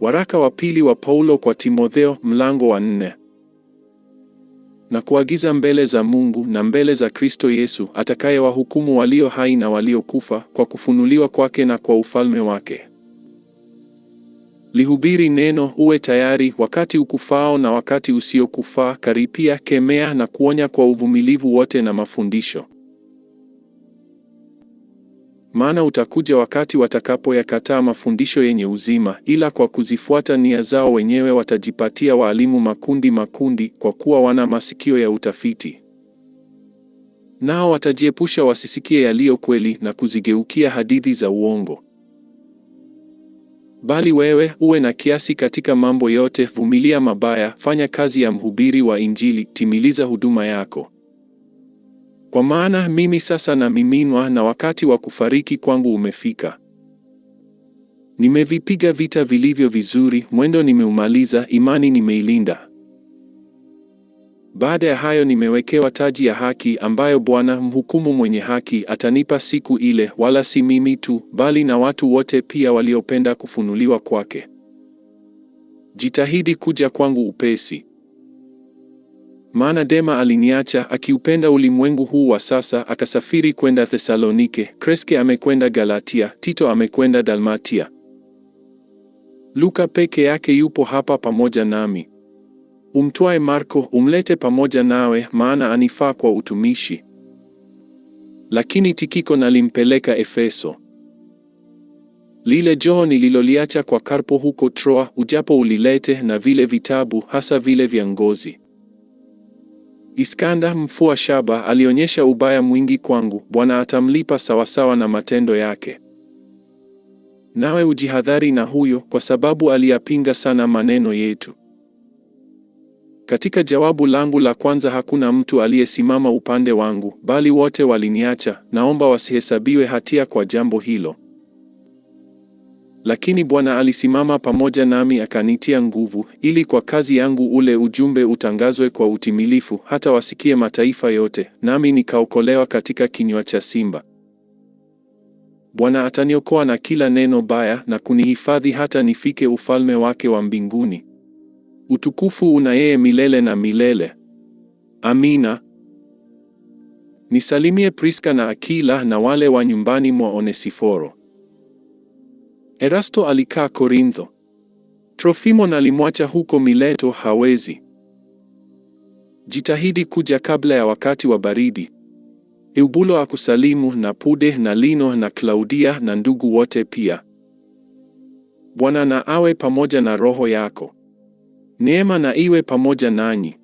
Waraka wa pili wa Paulo kwa Timotheo mlango wa nne. Na kuagiza mbele za Mungu na mbele za Kristo Yesu atakayewahukumu walio hai na waliokufa kwa kufunuliwa kwake na kwa ufalme wake. Lihubiri neno, uwe tayari wakati ukufao na wakati usiokufaa, karipia, kemea na kuonya kwa uvumilivu wote na mafundisho maana utakuja wakati watakapoyakataa mafundisho yenye uzima, ila kwa kuzifuata nia zao wenyewe watajipatia waalimu makundi makundi, kwa kuwa wana masikio ya utafiti. Nao watajiepusha wasisikie yaliyo kweli na kuzigeukia hadithi za uongo. Bali wewe uwe na kiasi katika mambo yote, vumilia mabaya, fanya kazi ya mhubiri wa Injili, timiliza huduma yako. Kwa maana mimi sasa namiminwa na wakati wa kufariki kwangu umefika. Nimevipiga vita vilivyo vizuri, mwendo nimeumaliza, imani nimeilinda. Baada ya hayo nimewekewa taji ya haki ambayo Bwana mhukumu mwenye haki atanipa siku ile, wala si mimi tu, bali na watu wote pia waliopenda kufunuliwa kwake. Jitahidi kuja kwangu upesi. Maana Dema aliniacha akiupenda ulimwengu huu wa sasa, akasafiri kwenda Thesalonike, Kreske amekwenda Galatia, Tito amekwenda Dalmatia. Luka peke yake yupo hapa pamoja nami. Umtwae Marko, umlete pamoja nawe, maana anifaa kwa utumishi. Lakini Tikiko nalimpeleka Efeso. Lile joho nililoliacha kwa Karpo huko Troa, ujapo ulilete, na vile vitabu, hasa vile vya ngozi. Iskanda mfua shaba alionyesha ubaya mwingi kwangu, Bwana atamlipa sawasawa na matendo yake. Nawe ujihadhari na huyo, kwa sababu aliyapinga sana maneno yetu. Katika jawabu langu la kwanza hakuna mtu aliyesimama upande wangu, bali wote waliniacha. Naomba wasihesabiwe hatia kwa jambo hilo. Lakini Bwana alisimama pamoja nami akanitia nguvu, ili kwa kazi yangu ule ujumbe utangazwe kwa utimilifu, hata wasikie mataifa yote, nami nikaokolewa katika kinywa cha simba. Bwana ataniokoa na kila neno baya na kunihifadhi hata nifike ufalme wake wa mbinguni. Utukufu una yeye milele na milele. Amina. Nisalimie Priska na Akila na wale wa nyumbani mwa Onesiforo. Erasto alikaa Korintho. trofimo nalimwacha huko Mileto, hawezi. Jitahidi kuja kabla ya wakati wa baridi. Eubulo akusalimu na Pude na Lino na Klaudia na ndugu wote pia. Bwana na awe pamoja na roho yako. Neema na iwe pamoja nanyi.